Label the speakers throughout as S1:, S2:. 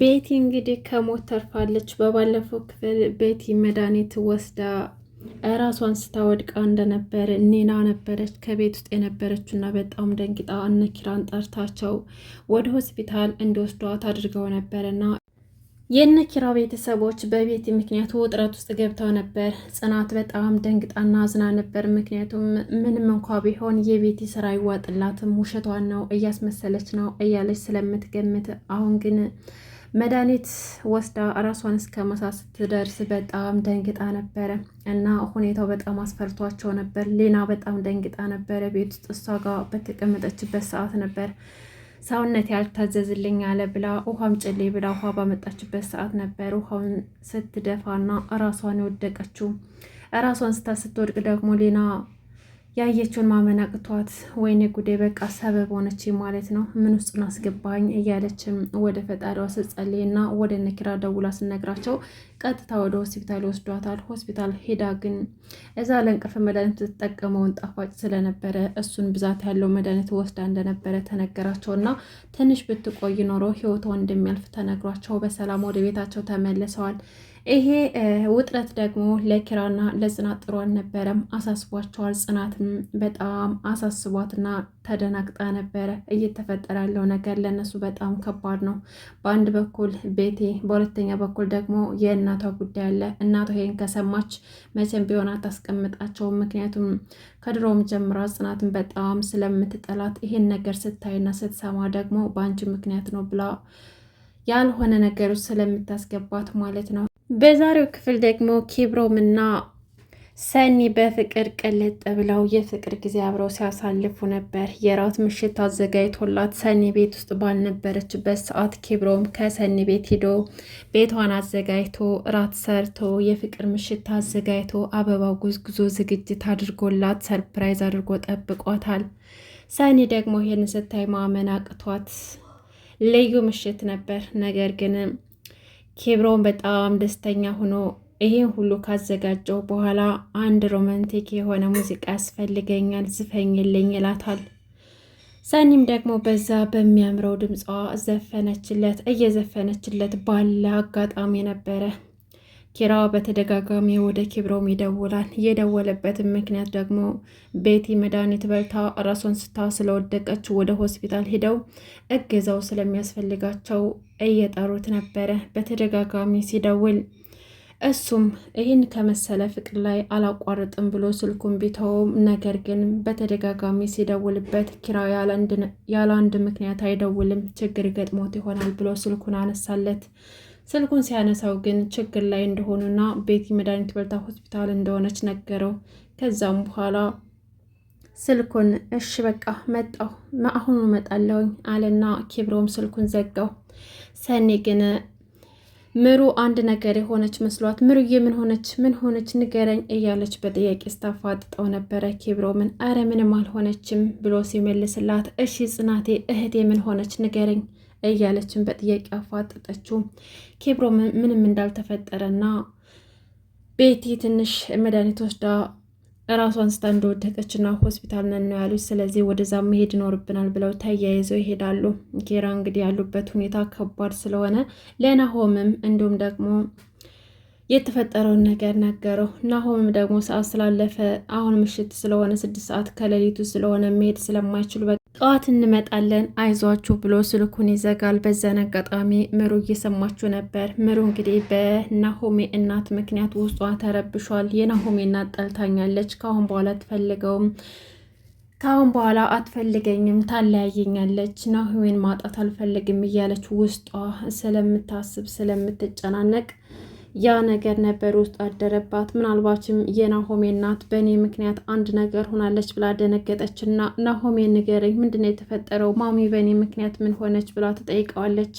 S1: ቤቲ እንግዲህ ከሞት ተርፋለች። በባለፈው ክፍል ቤቲ መድኃኒት ወስዳ ራሷን ስታወድቃ እንደነበር ኒና ነበረች ከቤት ውስጥ የነበረችው እና በጣም ደንግጣ እነ ኪራን ጠርታቸው ወደ ሆስፒታል እንዲወስዷት አድርገው ነበርና የነ ኪራ ቤተሰቦች በቤት ምክንያቱ ውጥረት ውስጥ ገብተው ነበር። ጽናት በጣም ደንግጣና አዝና ነበር። ምክንያቱም ምንም እንኳ ቢሆን የቤት ስራ ይዋጥላትም ውሸቷን ነው እያስመሰለች ነው እያለች ስለምትገምት፣ አሁን ግን መድኃኒት ወስዳ ራሷን እስከ መሳት ስትደርስ በጣም ደንግጣ ነበረ እና ሁኔታው በጣም አስፈርቷቸው ነበር። ሌና በጣም ደንግጣ ነበረ። ቤት ውስጥ እሷ ጋር በተቀመጠችበት ሰዓት ነበር ሰውነት ያልታዘዝልኝ አለ ብላ ውሃም ጭሌ ብላ ውሃ ባመጣችበት ሰዓት ነበር ውሃውን ስትደፋና ራሷን የወደቀችው። ራሷን ስታ ስትወድቅ ደግሞ ሌና ያየችውን ማመናቅቷት ወይኔ ጉዴ በቃ ሰበብ ሆነች ማለት ነው፣ ምን ውስጡን አስገባኝ እያለችም ወደ ፈጣሪዋ ስትጸልይ እና ወደ ነኪራ ደውላ ስነግራቸው ቀጥታ ወደ ሆስፒታል ይወስዷታል። ሆስፒታል ሄዳ ግን እዛ ለእንቅልፍ መድኃኒት ስትጠቀመውን ጣፋጭ ስለነበረ እሱን ብዛት ያለው መድኃኒት ወስዳ እንደነበረ እና ትንሽ ብትቆይ ኖሮ ህይወቷ እንደሚያልፍ ተነግሯቸው በሰላም ወደ ቤታቸው ተመልሰዋል። ይሄ ውጥረት ደግሞ ለኪራና ለጽናት ጥሩ አልነበረም፣ አሳስቧቸዋል። ጽናትም በጣም አሳስቧትና ተደናግጣ ነበረ። እየተፈጠረ ያለው ነገር ለእነሱ በጣም ከባድ ነው። በአንድ በኩል ቤቴ፣ በሁለተኛ በኩል ደግሞ የእናቷ ጉዳይ አለ። እናቷ ይሄን ከሰማች መቼም ቢሆን አታስቀምጣቸውም። ምክንያቱም ከድሮም ጀምራ ጽናትን በጣም ስለምትጠላት ይሄን ነገር ስታይና ስትሰማ ደግሞ በአንቺ ምክንያት ነው ብላ ያልሆነ ነገሮች ስለምታስገባት ማለት ነው። በዛሬው ክፍል ደግሞ ኪብሮምና ሰኒ በፍቅር ቅልጥ ብለው የፍቅር ጊዜ አብረው ሲያሳልፉ ነበር። የራት ምሽት አዘጋጅቶላት ሰኒ ቤት ውስጥ ባልነበረችበት ሰዓት ኪብሮም ከሰኒ ቤት ሂዶ ቤቷን አዘጋጅቶ ራት ሰርቶ የፍቅር ምሽት አዘጋጅቶ አበባ ጉዝጉዞ ዝግጅት አድርጎላት ሰርፕራይዝ አድርጎ ጠብቋታል። ሰኒ ደግሞ ይህን ስታይ ማመን አቅቷት ልዩ ምሽት ነበር ነገር ግን ኬብሮን በጣም ደስተኛ ሆኖ ይሄን ሁሉ ካዘጋጀው በኋላ አንድ ሮማንቲክ የሆነ ሙዚቃ ያስፈልገኛል ዝፈኝልኝ ይላታል። ሰኒም ደግሞ በዛ በሚያምረው ድምጿ ዘፈነችለት። እየዘፈነችለት ባለ አጋጣሚ ነበረ ኪራ በተደጋጋሚ ወደ ኪብሮም ይደውላል። የደወለበትን ምክንያት ደግሞ ቤቲ መድኃኒት በልታ ራሷን ስታ ስለወደቀች ወደ ሆስፒታል ሂደው እገዛው ስለሚያስፈልጋቸው እየጠሩት ነበረ። በተደጋጋሚ ሲደውል እሱም ይህን ከመሰለ ፍቅር ላይ አላቋርጥም ብሎ ስልኩን ቢተውም፣ ነገር ግን በተደጋጋሚ ሲደውልበት ኪራ ያለ አንድ ምክንያት አይደውልም፣ ችግር ገጥሞት ይሆናል ብሎ ስልኩን አነሳለት። ስልኩን ሲያነሳው ግን ችግር ላይ እንደሆኑና ቤቲ መድኃኒት በልታ ሆስፒታል እንደሆነች ነገረው። ከዛም በኋላ ስልኩን እሺ በቃ መጣሁ አሁኑ መጣለውኝ አለና ኬብሮም ስልኩን ዘጋው። ሰኔ ግን ምሩ አንድ ነገር የሆነች መስሏት ምሩዬ ምን ሆነች ምን ሆነች ንገረኝ እያለች በጥያቄ ስታፋጥጠው ነበረ ኬብሮምን። አረ ምንም አልሆነችም ብሎ ሲመልስላት እሺ ጽናቴ እህቴ ምን ሆነች ንገረኝ እያለችን በጥያቄ አፋጠጠችው። ኬብሮ ምንም እንዳልተፈጠረና ቤቲ ትንሽ መድኃኒት ወስዳ ራሷ ስታ እንደወደቀችና ሆስፒታል ነን ነው ያሉት። ስለዚህ ወደዛ መሄድ ይኖርብናል ብለው ተያይዘው ይሄዳሉ። ኬራ እንግዲህ ያሉበት ሁኔታ ከባድ ስለሆነ ለናሆምም እንዲሁም ደግሞ የተፈጠረውን ነገር ነገረው። ናሆምም ደግሞ ሰዓት ስላለፈ አሁን ምሽት ስለሆነ ስድስት ሰዓት ከሌሊቱ ስለሆነ መሄድ ስለማይችሉ ጠዋት እንመጣለን አይዟችሁ ብሎ ስልኩን ይዘጋል። በዛን አጋጣሚ ምሩ እየሰማችሁ ነበር። ምሩ እንግዲህ በናሆሜ እናት ምክንያት ውስጧ ተረብሿል። የናሆሜ እናት ጠልታኛለች፣ ከአሁን በኋላ አትፈልገውም፣ ከአሁን በኋላ አትፈልገኝም፣ ታለያየኛለች፣ ናሆሜን ማጣት አልፈልግም እያለች ውስጧ ስለምታስብ ስለምትጨናነቅ ያ ነገር ነበር ውስጥ አደረባት። ምናልባችም የናሆሜ እናት በእኔ ምክንያት አንድ ነገር ሆናለች ብላ ደነገጠች እና ናሆሜ ንገረኝ፣ ምንድነው የተፈጠረው? ማሚ በእኔ ምክንያት ምን ሆነች ብላ ትጠይቀዋለች።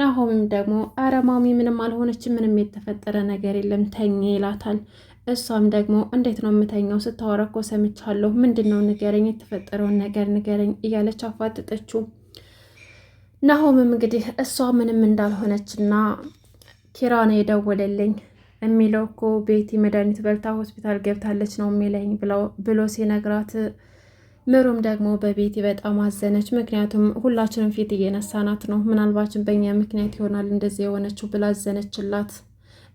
S1: ናሆሚም ደግሞ አረ ማሚ ምንም አልሆነች፣ ምንም የተፈጠረ ነገር የለም ተኝ ይላታል። እሷም ደግሞ እንዴት ነው የምተኛው? ስታወራ እኮ ሰምቻለሁ። ምንድን ነው ንገረኝ፣ የተፈጠረውን ነገር ንገረኝ እያለች አፋጠጠችው። ናሆምም እንግዲህ እሷ ምንም እንዳልሆነችና ኪራ ነው የደወለልኝ የሚለው እኮ ቤቲ መድኃኒት በልታ ሆስፒታል ገብታለች ነው የሚለኝ ብሎ ሲነግራት ምሩም ደግሞ በቤቲ በጣም አዘነች። ምክንያቱም ሁላችንም ፊት እየነሳናት ነው፣ ምናልባችን በእኛ ምክንያት ይሆናል እንደዚህ የሆነችው ብላ አዘነችላት።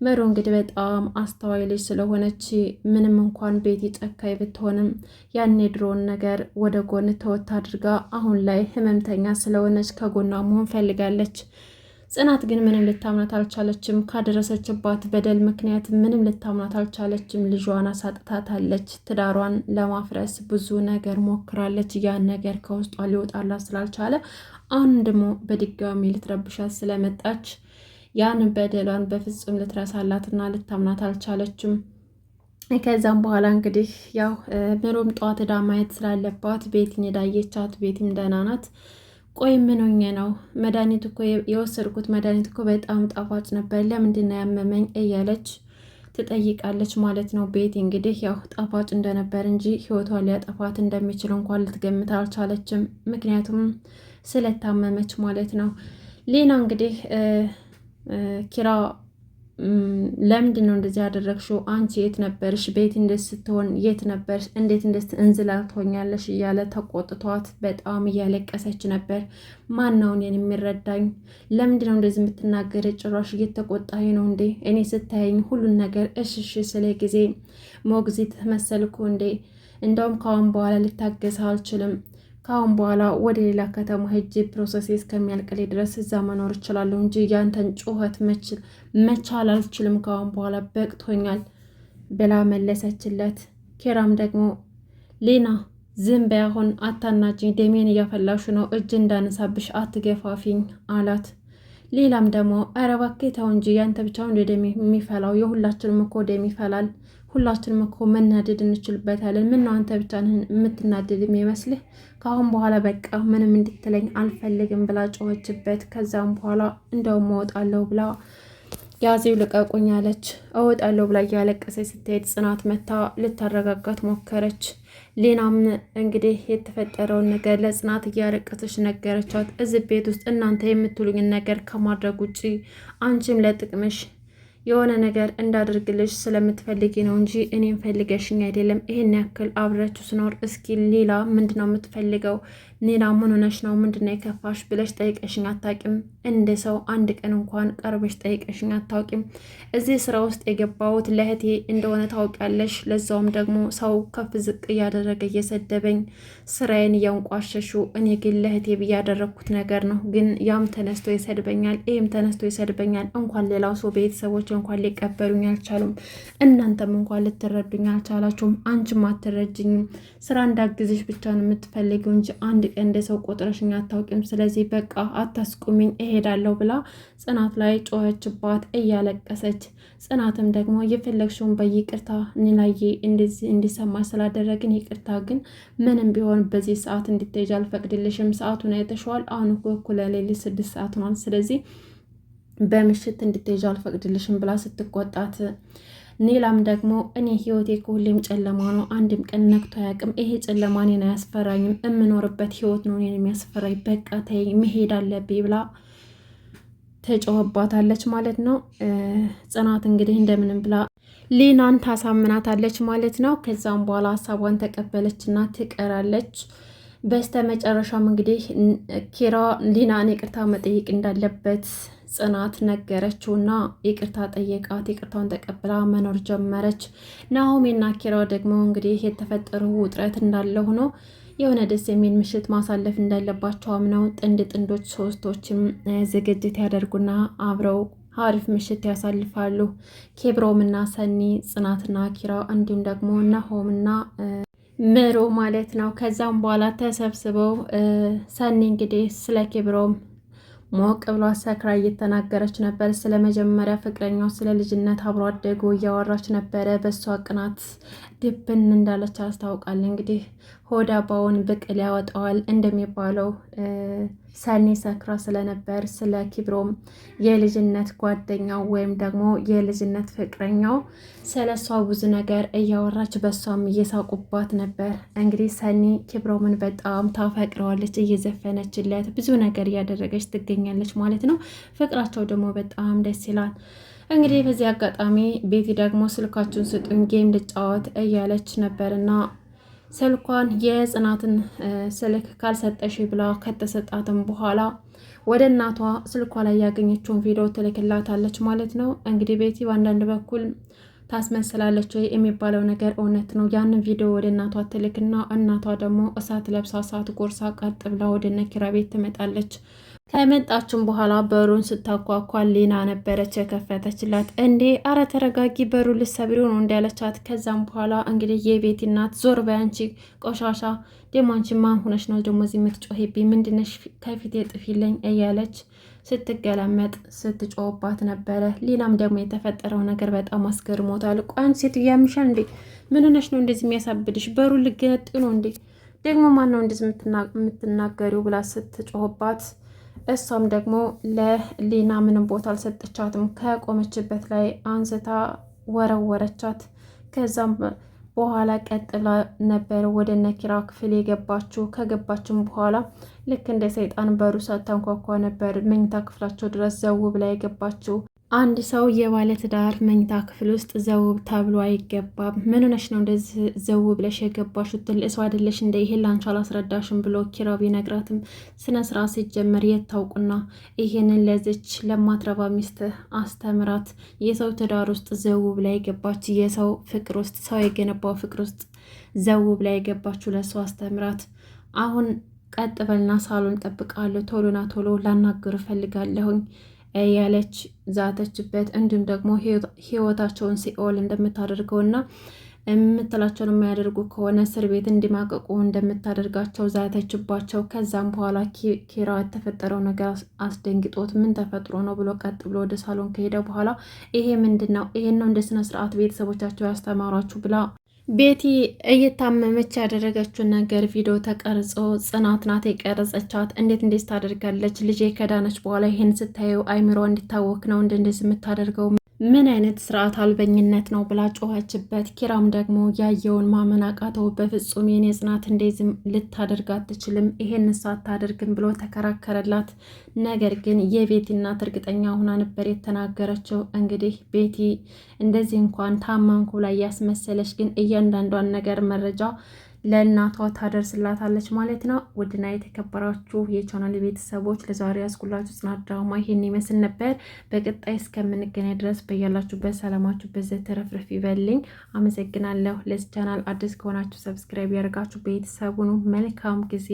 S1: ምሩ እንግዲህ በጣም አስተዋይ ልጅ ስለሆነች ምንም እንኳን ቤቲ ጨካኝ ብትሆንም ያን የድሮውን ነገር ወደ ጎን ተወት አድርጋ አሁን ላይ ህመምተኛ ስለሆነች ከጎኗ መሆን ፈልጋለች። ጽናት ግን ምንም ልታምናት አልቻለችም። ካደረሰችባት በደል ምክንያት ምንም ልታምናት አልቻለችም። ልጇን አሳጥታታለች። ትዳሯን ለማፍረስ ብዙ ነገር ሞክራለች። ያን ነገር ከውስጧ ሊወጣላት ስላልቻለ አሁን ደግሞ በድጋሚ ልትረብሻት ስለመጣች ያን በደሏን በፍጹም ልትረሳላትና ልታምናት አልቻለችም። ከዛም በኋላ እንግዲህ ያው ምሮም ጠዋት ዳ ማየት ስላለባት ቤት ሄዳ አየቻት። ቤትም ደህና ናት። ቆይ ምን ሆኜ ነው? መድኃኒት እኮ የወሰድኩት መድኃኒት እኮ በጣም ጣፋጭ ነበር፣ ለምንድን ነው ያመመኝ? እያለች ትጠይቃለች ማለት ነው። ቤት እንግዲህ ያው ጣፋጭ እንደነበር እንጂ ህይወቷ ሊያጠፋት እንደሚችል እንኳን ልትገምት አልቻለችም። ምክንያቱም ስለታመመች ማለት ነው። ሌና እንግዲህ ኪራ ለምንድን ነው እንደዚህ ያደረግሽው? አንቺ የት ነበርሽ? ቤት እንደት ስትሆን የት ነበርሽ? እንዴት እንደት እንዝላል ትሆኛለሽ? እያለ ተቆጥቷት በጣም እያለቀሰች ነበር። ማናውን የኔን የሚረዳኝ? ለምንድን ነው እንደዚህ የምትናገረ? ጭራሽ እየተቆጣኝ ነው እንዴ? እኔ ስታየኝ ሁሉን ነገር እሽሽ ስለ ጊዜ ሞግዚት መሰልኩ እንዴ? እንደውም ካሁን በኋላ ልታገስ አልችልም ከአሁን በኋላ ወደ ሌላ ከተማ ሄጄ ፕሮሰስ እስከሚያልቅሌ ድረስ እዛ መኖር እችላለሁ እንጂ ያንተን ጩኸት መቻል አልችልም። ከአሁን በኋላ በቅቶኛል ብላ መለሰችለት። ኬራም ደግሞ ሌና ዝም በይ አሁን ደሜን እያፈላሹ ነው፣ እጅ እንዳነሳብሽ አትገፋፊኝ አላት። ሌላም ደግሞ ኧረ እባክህ ተው እንጂ ያንተ ብቻውን ደም የሚፈላው የሁላችንም እኮ ደም ይፈላል። ሁላችንም እኮ መናደድ እንችልበታለን። ምነው አንተ ብቻ የምትናደድ የሚመስልህ? ከአሁን በኋላ በቃ ምንም እንድትለኝ አልፈልግም ብላ ጮኸችበት። ከዛም በኋላ እንደውም እወጣለሁ ብላ ያዜው ልቀቁኝ አለች። እወጣለሁ ብላ እያለቀሰች ስትሄድ ጽናት መታ ልታረጋጋት ሞከረች። ሌናም እንግዲህ የተፈጠረውን ነገር ለጽናት እያለቀሰች ነገረቻት። እዚህ ቤት ውስጥ እናንተ የምትሉኝን ነገር ከማድረግ ውጪ አንቺም ለጥቅምሽ የሆነ ነገር እንዳደርግልሽ ስለምትፈልጊ ነው እንጂ እኔም ፈልገሽኝ አይደለም። ይሄን ያክል አብረችሁ ስኖር እስኪ ሌላ ምንድነው የምትፈልገው? ኔላ ምን ሆነሽ ነው? ምንድነው የከፋሽ ብለሽ ጠይቀሽኝ አታውቂም። እንደ ሰው አንድ ቀን እንኳን ቀርበሽ ጠይቀሽኝ አታውቂም። እዚህ ስራ ውስጥ የገባሁት ለእህቴ እንደሆነ ታውቂያለሽ። ለዛውም ደግሞ ሰው ከፍ ዝቅ እያደረገ እየሰደበኝ ስራዬን እያንቋሸሹ፣ እኔ ግን ለእህቴ ብዬ ያደረግኩት ነገር ነው። ግን ያም ተነስቶ ይሰድበኛል፣ ይህም ተነስቶ ይሰድበኛል። እንኳን ሌላው ሰው ቤተሰቦች እንኳን ሊቀበሉኝ አልቻሉም። እናንተም እንኳን ልትረዱኝ አልቻላችሁም። አንቺም አትረጅኝም። ስራ እንዳግዝሽ ብቻ ነው የምትፈልጊው እንጂ አንድ አንድ ቀን እንደ ሰው ቆጥረሽኝ አታውቂም፣ ስለዚህ በቃ አታስቁሚኝ፣ እሄዳለሁ ብላ ጽናት ላይ ጮኸችባት እያለቀሰች። ጽናትም ደግሞ የፈለግሽውን በይቅርታ ኒናዬ እንዲሰማ ስላደረግን ይቅርታ፣ ግን ምንም ቢሆን በዚህ ሰዓት እንድትሄጂ አልፈቅድልሽም። ሰዓቱን አይተሽዋል። አሁን እኮ እኩለ ሌሊት ስድስት ሰዓት ሆኗል። ስለዚህ በምሽት እንድትሄጂ አልፈቅድልሽም ብላ ስትቆጣት ኔላም ደግሞ እኔ ህይወቴ ከሁሌም ጨለማ ነው፣ አንድም ቀን ነግቶ አያውቅም። ይሄ ጨለማ እኔን አያስፈራኝም፣ የምኖርበት ህይወት ነው እኔን የሚያስፈራኝ። በቃ ተይ መሄድ አለብኝ ብላ ተጨወባታለች ማለት ነው። ጽናት እንግዲህ እንደምንም ብላ ሌናን ታሳምናታለች ማለት ነው። ከዛም በኋላ ሀሳቧን ተቀበለች እና ትቀራለች። በስተ መጨረሻም እንግዲህ ኪራ ሊናን ይቅርታ መጠየቅ እንዳለበት ጽናት ነገረችውና ይቅርታ ጠየቃት። ይቅርታውን ተቀብላ መኖር ጀመረች። ናሆሜና ኪራ ደግሞ እንግዲህ የተፈጠሩ ውጥረት እንዳለ ሆኖ የሆነ ደስ የሚል ምሽት ማሳለፍ እንዳለባቸውም ነው ጥንድ ጥንዶች ሶስቶችም ዝግጅት ያደርጉና አብረው አሪፍ ምሽት ያሳልፋሉ። ኬብሮምና ሰኒ፣ ጽናትና ኪራ እንዲሁም ደግሞ ናሆምና ምሩ ማለት ነው። ከዛም በኋላ ተሰብስበው ሰኒ እንግዲህ ስለ ኬብሮም ሞቅ ብሎ ሰክራ እየተናገረች ነበር። ስለ መጀመሪያ ፍቅረኛው ስለ ልጅነት አብሮ አደጎ እያወራች ነበረ። በእሷ ቅናት ድብን እንዳለች አስታውቃል። እንግዲህ ሆዳባውን አባውን ብቅል ያወጣዋል እንደሚባለው ሰኒ ሰክራ ስለነበር ስለ ኪብሮም የልጅነት ጓደኛው ወይም ደግሞ የልጅነት ፍቅረኛው ስለ እሷ ብዙ ነገር እያወራች በእሷም እየሳቁባት ነበር። እንግዲህ ሰኒ ኪብሮምን በጣም ታፈቅረዋለች፣ እየዘፈነችለት ብዙ ነገር እያደረገች ትገኛለች ማለት ነው። ፍቅራቸው ደግሞ በጣም ደስ ይላል። እንግዲህ በዚህ አጋጣሚ ቤቲ ደግሞ ስልካችሁን ስጡኝ ጌም ልጫወት እያለች ነበርና ስልኳን የጽናትን ስልክ ካልሰጠሽ ብላ ከተሰጣትም በኋላ ወደ እናቷ ስልኳ ላይ ያገኘችውን ቪዲዮ ትልክላታለች ማለት ነው። እንግዲህ ቤቲ በአንዳንድ በኩል ታስመስላለች ወይ የሚባለው ነገር እውነት ነው። ያንን ቪዲዮ ወደ እናቷ ትልክና እናቷ ደግሞ እሳት ለብሳ እሳት ጎርሳ ቀጥ ብላ ወደ ነኪራ ቤት ትመጣለች። ከመጣችን በኋላ በሩን ስታኳኳል ሊና ነበረች የከፈተችላት። እንዴ አረ ተረጋጊ፣ በሩ ልትሰብሪው ነው እንዳለቻት። ከዛም በኋላ እንግዲህ የቤቲ እናት ዞር በያንቺ ቆሻሻ ደግሞ አንቺ ማን ሆነሽ ነው ደግሞ እዚህ የምትጮሂብኝ? ምንድነሽ? ከፊቴ ጥፊልኝ እያለች ስትገለመጥ ስትጮባት ነበረ። ሊናም ደግሞ የተፈጠረው ነገር በጣም አስገርሞታል። ቋን ሴት እያምሻል እንዴ ምን ሆነሽ ነው እንደዚህ የሚያሳብድሽ? በሩ ልገነጥ ነው እንዴ ደግሞ ማን ነው እንደዚህ የምትናገሪው? ብላ ስትጮባት እሷም ደግሞ ለሊና ምንም ቦታ አልሰጠቻትም። ከቆመችበት ላይ አንስታ ወረወረቻት። ከዛም በኋላ ቀጥላ ነበር ወደ ነኪራ ክፍል የገባችው። ከገባችም በኋላ ልክ እንደ ሰይጣን በሩ ሳታንኳኳ ነበር መኝታ ክፍላቸው ድረስ ዘው ብላ የገባችው። አንድ ሰው የባለ ትዳር መኝታ ክፍል ውስጥ ዘውብ ተብሎ አይገባም። ምን ሆነሽ ነው እንደዚህ ዘውብ ብለሽ የገባሽው? ትልቅ ሰው አይደለሽ እንደ ይሄ ላንቺ አላስረዳሽም ብሎ ኪራ ቢነግራትም ስነ ስርዓት ሲጀመር የት ታውቁና ይሄንን ለዚች ለማትረባ ሚስት አስተምራት። የሰው ትዳር ውስጥ ዘውብ ላይ ገባች። የሰው ፍቅር ውስጥ ሰው የገነባው ፍቅር ውስጥ ዘውብ ላይ ገባችሁ። ለእሱ አስተምራት። አሁን ቀጥ በልና ሳሎን ጠብቃለሁ። ቶሎና ቶሎ ላናግር እፈልጋለሁኝ ያለች ዛተችበት። እንዲሁም ደግሞ ህይወታቸውን ሲኦል እንደምታደርገውና የምትላቸውን የማያደርጉ ከሆነ እስር ቤት እንዲማቀቁ እንደምታደርጋቸው ዛተችባቸው። ከዛም በኋላ ኪራ የተፈጠረው ነገር አስደንግጦት ምን ተፈጥሮ ነው ብሎ ቀጥ ብሎ ወደ ሳሎን ከሄደ በኋላ ይሄ ምንድን ነው? ይሄን ነው እንደ ስነ ስርዓት ቤተሰቦቻቸው ያስተማሯችሁ ብላ ቤቲ እየታመመች ያደረገችውን ነገር ቪዲዮ ተቀርጾ ጽናት ናት የቀረጸቻት። እንዴት እንዴት ታደርጋለች? ልጄ ከዳነች በኋላ ይህን ስታየው አይምሮ እንዲታወክ ነው እንደ እንደዚህ የምታደርገው ምን አይነት ስርዓት አልበኝነት ነው ብላ ጮኸችበት። ኪራም ደግሞ ያየውን ማመን አቃተው። በፍጹም የኔ ጽናት ዝም ልታደርግ አትችልም፣ ይሄን ሳታደርግም ብሎ ተከራከረላት። ነገር ግን የቤቲ እናት እርግጠኛ ሁና ነበር የተናገረችው። እንግዲህ ቤቲ እንደዚህ እንኳን ታማንኩ ላይ ያስመሰለች፣ ግን እያንዳንዷን ነገር መረጃ ለእናቷ ታደርስላታለች ማለት ነው። ውድና የተከበራችሁ የቻናል ቤተሰቦች ለዛሬ ያስኩላችሁ ጽናት ድራማ ይሄን ይመስል ነበር። በቀጣይ እስከምንገናኝ ድረስ በያላችሁበት ሰላማችሁ በዘ ተረፍረፍ ይበልኝ። አመሰግናለሁ። ለዚህ ቻናል አዲስ ከሆናችሁ ሰብስክራይብ ያደርጋችሁ ቤተሰቡኑ መልካም ጊዜ